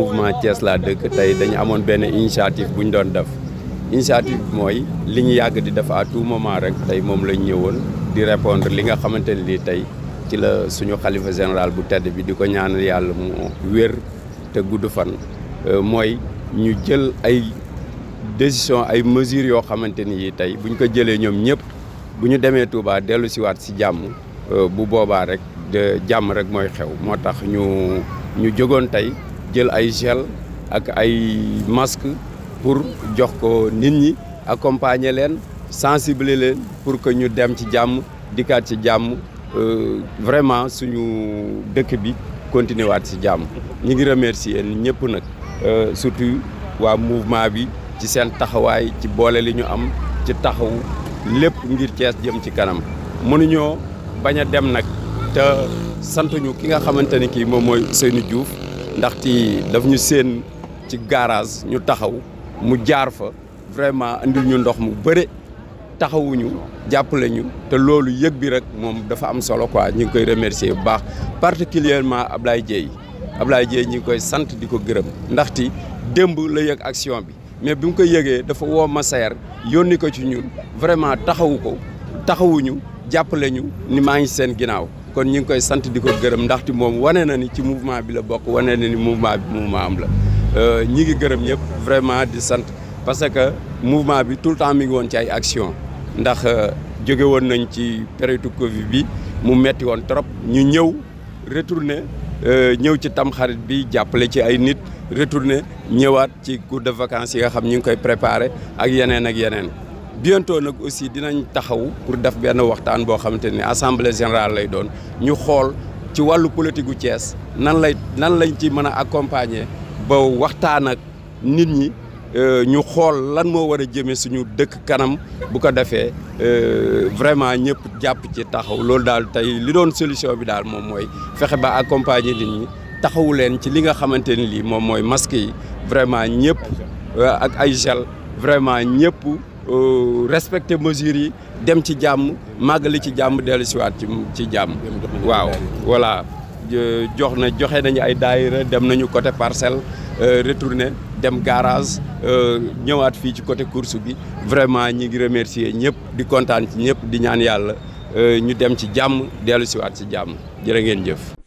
mouvement Thiès laa dëkk tey dañu amoon benn initiative bu ñu doon def initiative bi mooy li ñu yàgg di def à tout moment rek tey moom lañ ñëwoon di répondre li nga xamante ne lii tey ci la suñu xalifa général bu tedd bi di ko ñaan yàlla mu wér te gudd fan euh, mooy ñu jël ay décision ay mesures yoo xamante ni tey bu ñu ko jëlee ñoom ñëpp bu ñu demee Touba dellu siwaat si jàmm euh, bu boobaa rek de jàmm rek mooy xew moo tax ñu ñu jógoon tey jël ay gel ak ay masque pour jox ko nit ñi accompagner leen sensibiliser leen pour que ñu dem ci jàmm dikkaat ci jàmm euh, vraiment suñu dëkk bi continuer waat ci jàmm ñu ngi remercier ñëpp nag euh, surtout waa mouvement bi ci seen taxawaay ci boole li ñu am ci taxaw lépp ngir Cees jëm ci kanam mënuñoo bañ a dem nag te santuñu ki nga xamante ni kii moom mooy Ousseynou Diouf ndaxte daf ñu seen ci garage ñu taxaw mu jaar fa vraiment indil ñu ndox mu bëre taxawuñu jàppale ñu te loolu yëg bi rek moom dafa am solo quoi ñu ngi koy remercier bu baax particulièrement Ablaye Dieye Ablaye Dieye ñu ngi koy sant di ko gërëm ndaxte démb la yëg action bi mais bi mu ko yëgee dafa woo Massaer yónni ko ci ñun vraiment taxawu ko taxawuñu jàppale ni maa ngi seen ginnaaw kon ñu ngi koy sant di ko gërëm ndaxte moom wane na ni ci mouvement bi la bokk wane na ni mouvement bi mouvement am la euh, ñi ngi gërëm ñëpp vraiment di sant parce que mouvement bi tout le temps mi ngi woon ci ay action ndax euh, jóge woon nañ ci période Covid bi mu metti woon trop ñu ñëw retourné euh, ñëw ci tamxarit bi jàppale ci ay nit retourné ñëwaat ci cours de vacance yi nga xam ñu ngi koy préparé ak yeneen ak yeneen bientôt nag aussi dinañ taxaw pour def benn waxtaan boo xamante ni assemblée générale lay doon ñu xool ci wàllu politique gu cees nan lay nan lañ ci mën a accompagner ba waxtaan ak nit ñi euh, ñu xool lan moo war a jëmee suñu dëkk kanam bu ko defee euh, vraiment ñëpp jàpp ci taxaw loolu daal tey li doon solution bi daal moom mooy fexe ba accompagner nit ñi taxawu leen ci li nga xamante ni lii moom mooy masque yi vraiment ñëpp euh, ak ay gel vraiment ñëpp. Euh, respecter mesures yi dem ci jàmm màggali ci jàmm dellu siwaat ci ci jàmm waaw voilà jox na joxe nañu ay daayira dem nañu côté parcelle euh, retourné dem garage euh, ñëwaat fii ci côté course bi vraiment ñi ngi remercier ñëpp di kontaan ci ñëpp di ñaan yàlla ñu dem ci jàmm dellu siwaat ci jàmm jërë ngeen jëf